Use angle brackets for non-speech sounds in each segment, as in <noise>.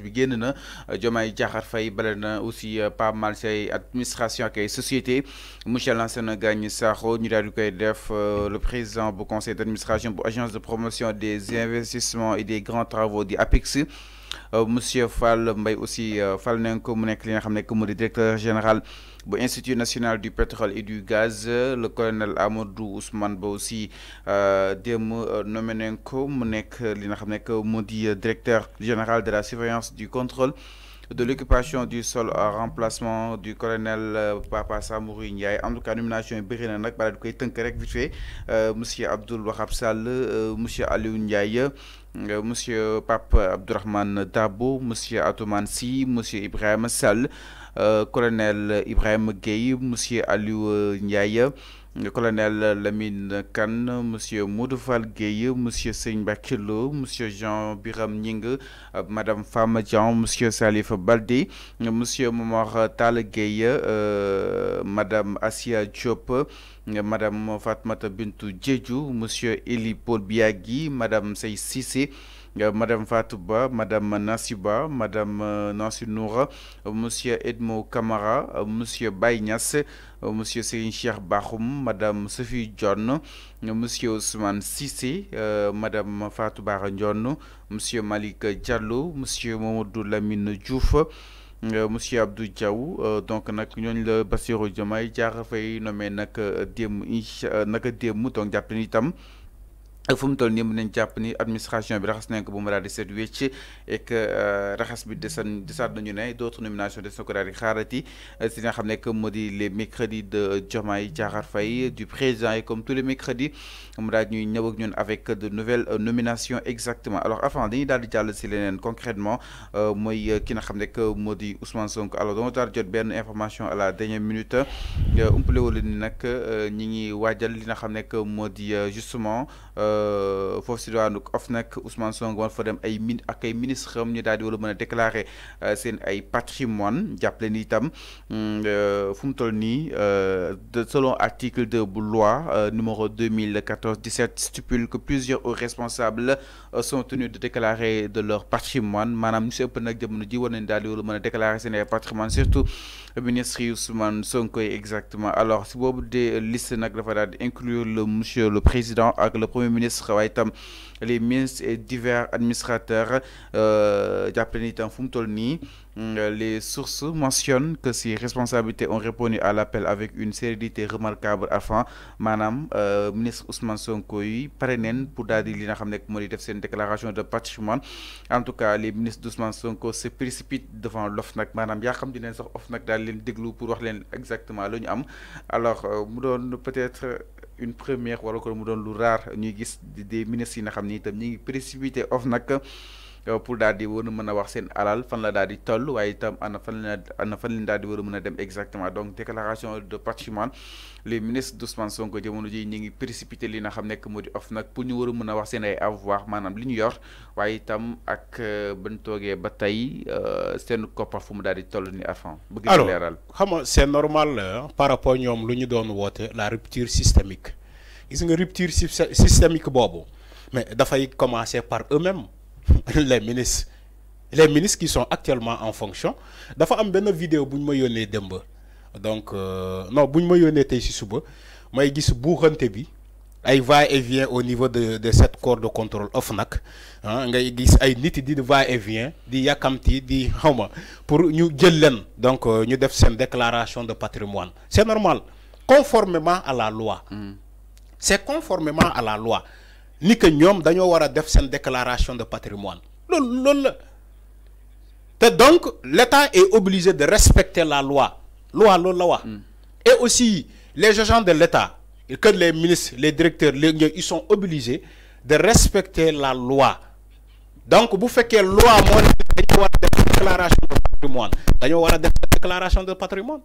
bi génn aussi euh, pas mal administration ak société monsieur Lansana Gagne Sakho ñu daal def euh, le président du conseil d'administration bu agence de promotion des investissements et des grands travaux du APEX euh, monsieur Fall mais aussi fal nañ ko mu nekk li nga directeur général bu institut national du pétrole et du gaz le colonel Amadou Ousmane Ba aussi euh, démb euh, nommé comme euh, directeur général de la surveillance du contrôle de l'occupation du sol en remplacement du colonel Papa Samouri Ndiaye en tout cas nomination yi na nag balaa di rek vite fait monsieur Abdoul Wahab Sall monsieur Aliou Ndiaye monsieur Pape Abdourahmane Dabo monsieur Atoman Si, monsieur Ibrahim Sall euh, colonel Ibrahim Gueye monsieur Aliou euh, Ndiaye colonel Lamine Kane monsieur Moudoufal Gueye monsieur Seigne Bakilo monsieur Jean Biram Ning euh, madame Fama Jean, monsieur Salif Baldi, monsieur Momar Tal Gueye madame Asia Diop madame Fatmata Bintou Djedjou monsieur Eli Paul Biagi, madame Sey Sissi, euh, madame Fatouba, Madame Nasiba, Madame euh, Nansunoura, euh, Monsieur Edmo Kamara, Monsieur Baynasse, Monsieur Serinchir Bahoum, Madame Sophie John, Monsieur Ousmane Sissé, Madame Fatouba Baranjon, Monsieur Malik Diallo, Monsieur Momodou Lamine Djouf, monsieur Abdou Diaw donc nag ñooñu le Bassirou Diomaye Faye nommé nag donc fu mu toll nii mën nañ japp ni administration bi raxas nañ ko bu mu daal di seet wecc et que euh, raxas bi desan desaat nañu ne d' nominations des na ko ci nga xam que moo les mercredis de Jomay Diakhar Fay du président et comme tous les mercredis mu daal ñuy ñëw ak ñun avec de nouvelles euh, nominations exactement alors avant dañuy daal di jàll si leneen concrètement euh, moy ki nga xam que moo Ousmane Sonko alors dama tar jot ben information à la dernière minute umpale wala ni nak ñi ngi wajal li nga xam que moo justement euh, foofu si diwaanu OFNAC Ousmane Sonko fa dem ay min ministre xam ñu a déclarer euh, seen ay patrimoine jàppale ni itam mm, euh, fu de toll selon article 2 bu loi numéro 2014 17 stipule que plusieurs responsables sont tenus de déclarer de leur patrimoine madame ñu si de nag jamono ji war daal di a déclarer seen ay patrimoine surtout ministre Ousmane Sonko exactement alors si vous de liste nak dafa daal inclure le monsieur le président ak le premier ministre ministre waaye les ministres et divers administrateurs euh, jàppale ni itam euh, les sources mentionnent que ces responsabilités ont répondu à l'appel avec une sérénité remarquable afin Madame, euh, ministre Ousmane Sonko yi pare pour daal li une déclaration de patrimoine en tout cas les ministres Ousmane Sonko se précipitent devant l'OFNAC Madame, ya xam di leen sax OFNAC daal leen pour wax leen exactement la ñu am alors euh, mu peut-être une première wala ko mu doon lu rare ñuy gis des ministres yi nga xam ni euh, pour daal wonu meuna wax sen alal fan la daal di toll waaye itam ana fan la ana fan lañ daal di meuna dem exactement donc déclaration de patrimoine les ministres d'Ousmane Sonko jamono ji ñi ngi précipité li na xam nekk moo di OFNAC pour ñu wëru a wax seen ay avoir manam li ñu yor waye tam ak euh, bën togué ba tey euh, seen koppar fu mu toll ni arfan bëgg alors xam nga c'est normal par rapport ñom lu ñu doon woote la rupture systémique gis nga rupture systémique bobu mais fay commencer par eux-mêmes <laughs> les ministres les ministres qui sont actuellement en fonction dafa am ben vidéo buñ ma donc euh, non buñ ma yónnee tay ci suba may gis bi ay va-et-vient au niveau de de cette corps de contrôle OFNAC hein, gis ay nit di va-et-vient di yakamti di xawma pour ñu jël donc euh, ñu def déclaration de patrimoine c'est normal conformément à la loi mm. c'est conformément à la loi ni que nous dañu wara déclaration de patrimoine donc l'État est obligé de respecter la loi loi lool la wax. Hmm. et aussi les agents de l'État, que les ministres les directeurs les ils sont obligés de respecter la loi donc bu féké loi mo loi dañoo déclaration de patrimoine dañu wara def déclaration de patrimoine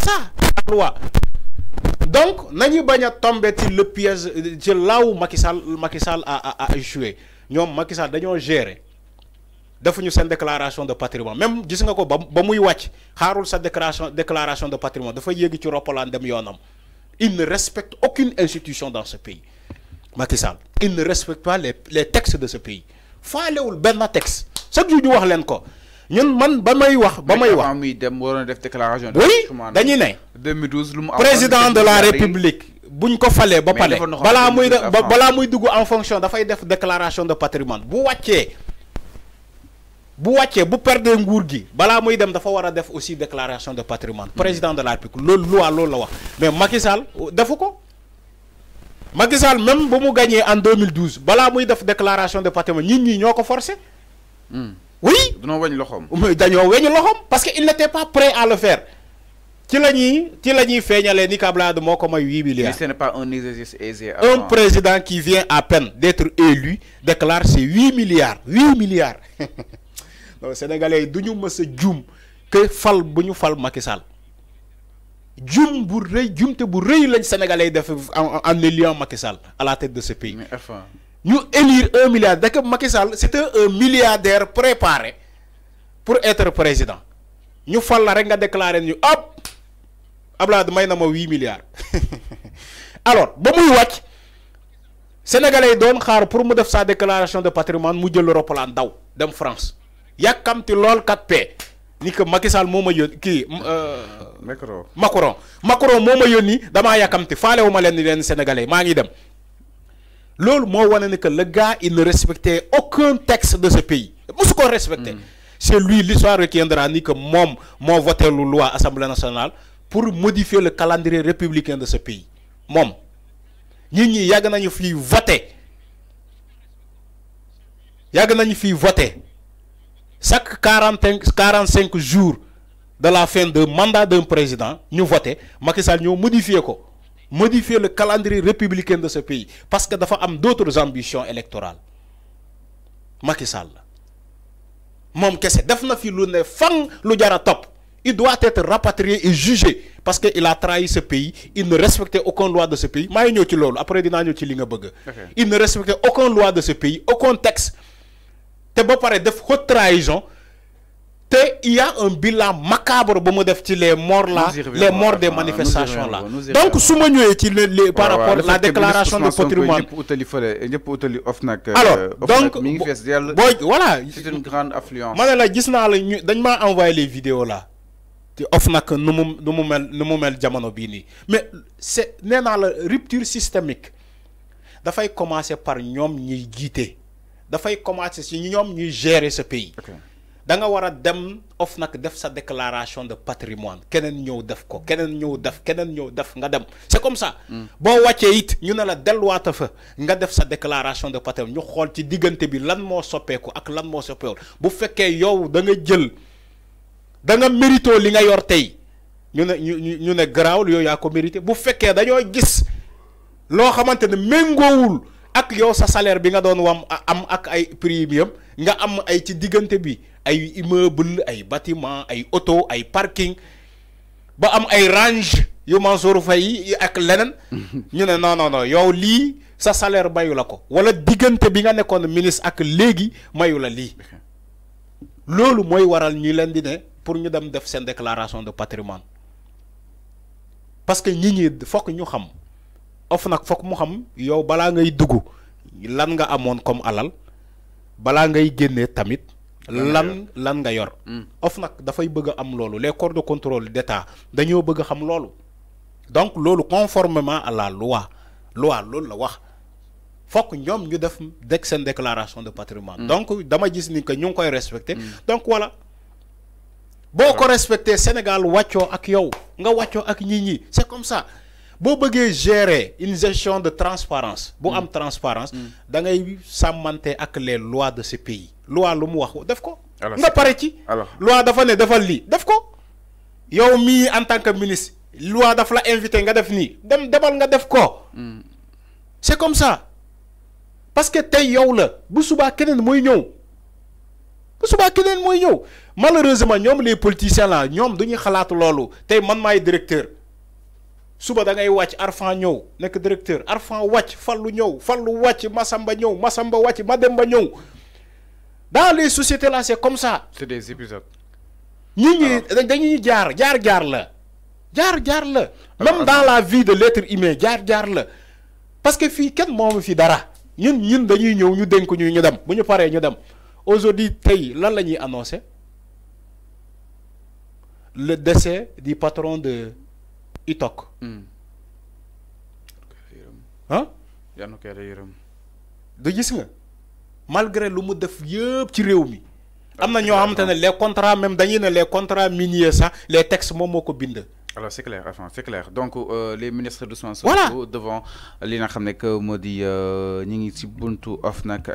ça la loi donc nous avons tombé le piège là où Macky Sall Macky Sall a échoué. nous avons Macky Sall dañoo gérer fait une déclaration de patrimoine même gis nga ko ba une sa déclaration déclaration de patrimoine dafa fait une déclaration de patrimoine. il ne respecte aucune institution dans ce pays Macky Sall il ne respecte pas les les textes de ce pays faalewul benn texte C'est ce que wax leen ko ñun man ba may wax ba may wax muy dem waroon def déclaration. oui dañuy né 2012 lu mu président de la république. buñ ko falé ba palé bala muy bala muy dugg en fonction da fay def déclaration de patrimoine bu waccé bu waccé bu perdre nguur gi bala muy dem dafa war a def aussi déclaration de patrimoine président de la république lool loi lool la wax mais Macky Sall defu ko. Macky Sall même bu mu gagné en 2012 bala muy def déclaration de patrimoine ñit ñi ñoko ko hmm oui parce qu'il n'était pas prêt à le faire ce n'est pas un aisé. un président qui vient à peine d'être élu déclare ses 8 milliards 8 milliards <laughs> sénégalais nous sommes nous que nous fal Macky Sall jum bu sénégalais en Macky à la tête de ce pays ñu élire un milliard dakk Macky Sall c'était un milliardaire préparé pour être président ñu fall la rek nga nous ñu hop Abdoulaye may na ma huit milliards <laughs> alors ba muy wàcc sénégalais yi doon xaar pour mu def sa déclaration de patrimoine mu jël roppalaan daw dem France tu l'as 4P ni que Macky Sall moo ma yónni kii. Euh, Macron Macron Macron y a comme tu yàkkamti au wu ma leen ni leen sénégalais maa ngi dem que le gars il ne respectait aucun texte de ce pays ce ko respectait mm. c'est lui l'histoire qui a ni que mom je voté la loi assemblée nationale pour modifier le calendrier républicain de ce pays Nous avons voté nañu voté chaque 45 jours de la fin de mandat d'un président nous voté Macky Sall nous modifier le calendrier républicain de ce pays parce que dafa d'autres ambitions électorales Macky Sall mom kessé def lu il doit être rapatrié et jugé parce qu'il a trahi ce pays il ne respectait aucune loi de ce pays après il ne respectait aucune loi de ce pays aucun texte té ba paré def haute trahison il y a un bilan macabre pour les morts les morts des hein, manifestations là donc par rapport la déclaration de patrimoine euh, c'est une grande affluence Je la gis les vidéos là mais c'est rupture systémique faut commencer par nous commencer gérer ce pays da nga war a dem OFNAC def sa déclaration de patrimoine keneen ñëw def ko keneen ñëw def keneen ñëw def nga dem c'est comme ça. Mm. boo wàccee it ñu ne la delluwaata fa nga def sa déclaration de patrimoine ñu xool ci diggante bi lan moo soppeeku ak lan moo soppeewul bu fekkee yow danga jël da nga mérito li nga yor tey ñu ne ñu ñu ne garaawul yow yaa ko mérité bu fekkee dañoo gis loo xamante ne méngoowul. ak yow sa salaire bi nga doon wam am ak ay premium nga am ay ci diggante bi ay immeuble ay batiment ay oto ay parking ba am ay range yu fay Faye ak leneen <laughs> ñu ne non non non yow lii sa salaire mayu la ko wala diggante bi nga nekkoon ministre ak léegi mayu la lii <laughs> loolu mooy waral ñu leen di ne pour ñu dem def seen déclaration de patrimoine parce que nit ñi fokk ñu xam OFNAC foog mu xam yow bala ngay duggu lan nga amone comme alal bala ngay tamit lan lan nga yor mm. OFNAC dafay bëgg am lolu les corps de contrôle d'État dañoo bëgg amulolo xam lolu donc lolu conformément à la loi loi lolu la wax fokk ñom ñu def déclaration de patrimoine mm. donc dama gis ni que ñu koy respecté mm. donc voilà beaucoup ko respecté Sénégal waccio ak yow nga waccio ak ñii c'est comme ça vous vous gérer une gestion de transparence de mm. am transparence da ngay sàmmante avec les lois de ce pays loi lu de wax def ko nga pare ci loi dafa de defal def ko yow en tant que ministre loi dafa la invité mm. c'est comme ça parce que t'es yow la bu pas keneen mooy bu pas malheureusement pas les politiciens là ñoom duñuy xalaat man directeur suba da ngay wacc Arfan ñew nek directeur Arfan wàcc Fallou ñëw Fallou wàcc masamba ñëw Massamba wàcc Mademba ñew dans les sociétés là c'est comme ça. c'est des épisodes. ñi ñi dañuy jaar jaar jaar la jaar jaar la. même dans la vie de l'être humain jaar jaar la parce que fi ken mom fi dara ñun ñun dañuy ñew ñu dénk ñu ñu dem bu ñu paré ñu dem aujourd'hui tay lan lañuy annoncer le décès du patron de i toog. Mm. Hein? ah. yërëm. da gis nga malgré lu mu def yëpp ci réew mi. am na les contrats même dañuy les contrats miniers sax les textes moom moo ko Alors c'est clair, enfin, c'est clair. Donc euh, les ministres de soins voilà. devant l'INA Khamnek Modi euh, ci Buntu Ofnak